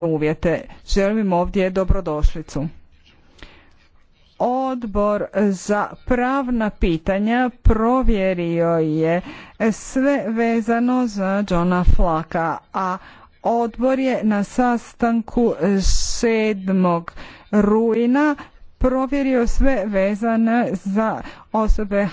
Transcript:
uvjete. Želim ovdje dobrodošlicu. Odbor za pravna pitanja provjerio je sve vezano za Johna Flaka, a odbor je na sastanku 7. rujna provjerio sve vezano za osobe